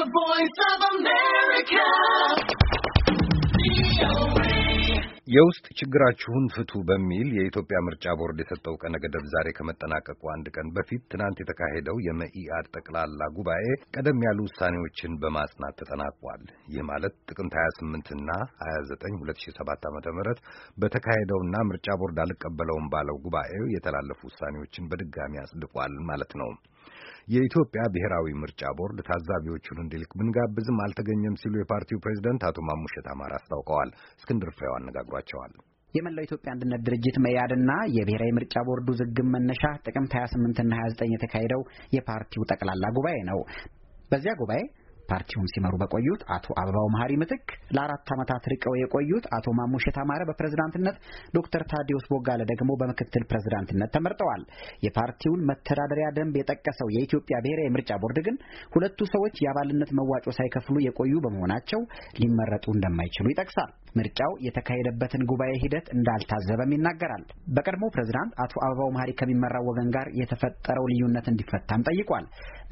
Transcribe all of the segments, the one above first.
The voice of America. የውስጥ ችግራችሁን ፍቱ በሚል የኢትዮጵያ ምርጫ ቦርድ የሰጠው ቀነ ገደብ ዛሬ ከመጠናቀቁ አንድ ቀን በፊት ትናንት የተካሄደው የመኢአድ ጠቅላላ ጉባኤ ቀደም ያሉ ውሳኔዎችን በማጽናት ተጠናቋል። ይህ ማለት ጥቅምት 28ና 29 2007 ዓ.ም በተካሄደውና ምርጫ ቦርድ አልቀበለውም ባለው ጉባኤ የተላለፉ ውሳኔዎችን በድጋሚ አጽድቋል ማለት ነው። የኢትዮጵያ ብሔራዊ ምርጫ ቦርድ ታዛቢዎቹን እንዲልክ ብንጋብዝም አልተገኘም ሲሉ የፓርቲው ፕሬዚደንት አቶ ማሙሸት አማር አስታውቀዋል። እስክንድር ፍሬው አነጋግሯቸዋል። የመላው ኢትዮጵያ አንድነት ድርጅት መያድና የብሔራዊ ምርጫ ቦርዱ ዝግም መነሻ ጥቅምት 28ና 29 የተካሄደው የፓርቲው ጠቅላላ ጉባኤ ነው። በዚያ ጉባኤ ፓርቲውን ሲመሩ በቆዩት አቶ አበባው መሀሪ ምትክ ለአራት ዓመታት ርቀው የቆዩት አቶ ማሙሸት አማረ በፕሬዝዳንትነት፣ ዶክተር ታዲዮስ ቦጋለ ደግሞ በምክትል ፕሬዝዳንትነት ተመርጠዋል። የፓርቲውን መተዳደሪያ ደንብ የጠቀሰው የኢትዮጵያ ብሔራዊ ምርጫ ቦርድ ግን ሁለቱ ሰዎች የአባልነት መዋጮ ሳይከፍሉ የቆዩ በመሆናቸው ሊመረጡ እንደማይችሉ ይጠቅሳል። ምርጫው የተካሄደበትን ጉባኤ ሂደት እንዳልታዘበም ይናገራል። በቀድሞ ፕሬዝዳንት አቶ አበባው መሀሪ ከሚመራው ወገን ጋር የተፈጠረው ልዩነት እንዲፈታም ጠይቋል።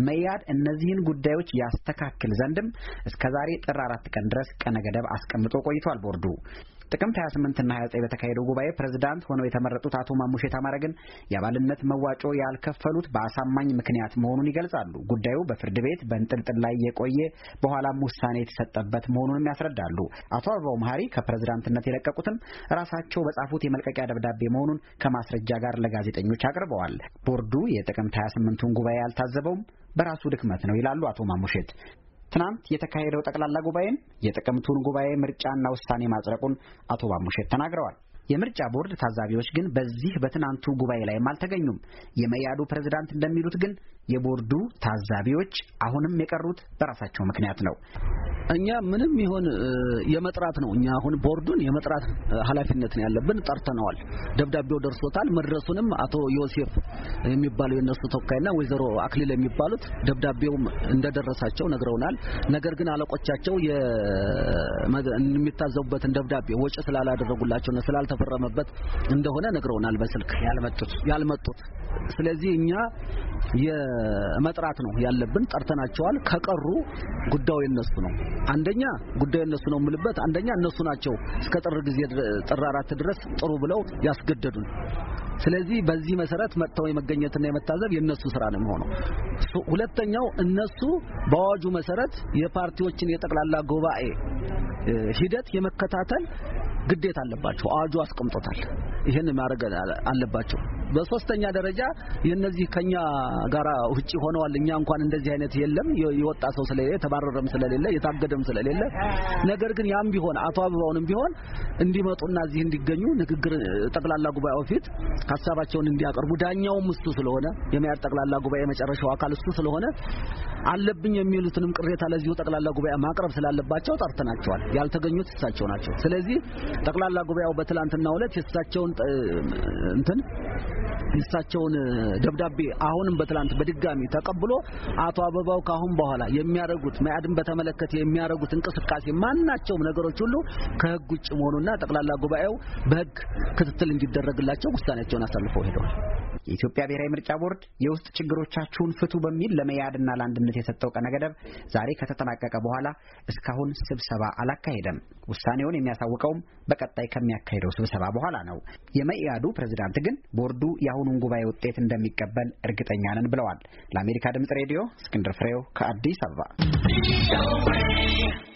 መያድ እነዚህን ጉዳዮች ያስተካክል ዘንድም እስከዛሬ ጥር አራት ቀን ድረስ ቀነ ገደብ አስቀምጦ ቆይቷል ቦርዱ ጥቅምት 28ና 29 በተካሄደው ጉባኤ ፕሬዝዳንት ሆነው የተመረጡት አቶ ማሙሼ ታማረ ግን የአባልነት መዋጮ ያልከፈሉት በአሳማኝ ምክንያት መሆኑን ይገልጻሉ። ጉዳዩ በፍርድ ቤት በእንጥልጥል ላይ የቆየ በኋላም ውሳኔ የተሰጠበት መሆኑንም ያስረዳሉ። አቶ አበባው መሀሪ ከፕሬዝዳንትነት የለቀቁትም ራሳቸው በጻፉት የመልቀቂያ ደብዳቤ መሆኑን ከማስረጃ ጋር ለጋዜጠኞች አቅርበዋል። ቦርዱ የጥቅምት 28ቱን ጉባኤ ያልታዘበውም በራሱ ድክመት ነው ይላሉ አቶ ማሙሼት። ትናንት የተካሄደው ጠቅላላ ጉባኤም የጥቅምቱን ጉባኤ ምርጫና ውሳኔ ማጽረቁን አቶ ባሙሼት ተናግረዋል። የምርጫ ቦርድ ታዛቢዎች ግን በዚህ በትናንቱ ጉባኤ ላይም አልተገኙም። የመያዱ ፕሬዝዳንት እንደሚሉት ግን የቦርዱ ታዛቢዎች አሁንም የቀሩት በራሳቸው ምክንያት ነው። እኛ ምንም ይሆን የመጥራት ነው። እኛ አሁን ቦርዱን የመጥራት ኃላፊነት ነው ያለብን። ጠርተነዋል። ደብዳቤው ደርሶታል። መድረሱንም አቶ ዮሴፍ የሚባለው የነሱ ተወካይና ወይዘሮ አክሊል የሚባሉት ደብዳቤውም እንደደረሳቸው ነግረውናል። ነገር ግን አለቆቻቸው የሚታዘቡበትን ደብዳቤ ወጪ ስላላደረጉላቸውና ስላልተፈረመበት እንደሆነ ነግረውናል። በስልክ ያልመጡት ያልመጡት ስለዚህ እኛ የመጥራት ነው ያለብን። ጠርተናቸዋል። ከቀሩ ጉዳዩ የነሱ ነው። አንደኛ ጉዳዩ የነሱ ነው የምልበት አንደኛ እነሱ ናቸው እስከ ጥር ጊዜ ጥር አራት ድረስ ጥሩ ብለው ያስገደዱን። ስለዚህ በዚህ መሰረት መጥተው የመገኘትና የመታዘብ የነሱ ስራ ነው የሚሆነው። ሁለተኛው እነሱ በአዋጁ መሰረት የፓርቲዎችን የጠቅላላ ጉባኤ ሂደት የመከታተል ግዴታ አለባቸው። አዋጁ አስቀምጦታል። ይህን ማድረግ አለባቸው። በሶስተኛ ደረጃ የነዚህ ከኛ ጋራ ውጪ ሆነዋል። እኛ እንኳን እንደዚህ አይነት የለም የወጣ ሰው ስለሌለ የተባረረም ስለሌለ የታገደም ስለሌለ፣ ነገር ግን ያም ቢሆን አቶ አበባውንም ቢሆን እንዲመጡና እዚህ እንዲገኙ ንግግር ጠቅላላ ጉባኤው ፊት ሀሳባቸውን እንዲያቀርቡ ዳኛውም እሱ ስለሆነ የመያድ ጠቅላላ ጉባኤ የመጨረሻው አካል እሱ ስለሆነ አለብኝ የሚሉትንም ቅሬታ ለዚሁ ጠቅላላ ጉባኤ ማቅረብ ስላለባቸው ጠርተናቸዋል። ያልተገኙት እሳቸው ናቸው። ስለዚህ ጠቅላላ ጉባኤው በትላንትናው ዕለት የእሳቸውን እንትን የእሳቸውን ደብዳቤ አሁንም በትላንት በድጋሚ ተቀብሎ አቶ አበባው ካሁን በኋላ የሚያደርጉት መያድን በተመለከተ የሚያደርጉት እንቅስቃሴ ማናቸውም ነገሮች ሁሉ ከህግ ውጭ መሆኑና ጠቅላላ ጉባኤው በህግ ክትትል እንዲደረግላቸው ውሳኔያቸውን አሳልፈው ሄደዋል። የኢትዮጵያ ብሔራዊ ምርጫ ቦርድ የውስጥ ችግሮቻችሁን ፍቱ በሚል ለመያድና ለአንድነት የሰጠው ቀነ ገደብ ዛሬ ከተጠናቀቀ በኋላ እስካሁን ስብሰባ አላካሄደም። ውሳኔውን የሚያሳውቀውም በቀጣይ ከሚያካሄደው ስብሰባ በኋላ ነው። የመኢአዱ ፕሬዝዳንት ግን ቦርዱ የአሁኑን ጉባኤ ውጤት እንደሚቀበል እርግጠኛ ነን ብለዋል። ለአሜሪካ ድምጽ ሬዲዮ እስክንድር ፍሬው ከአዲስ አበባ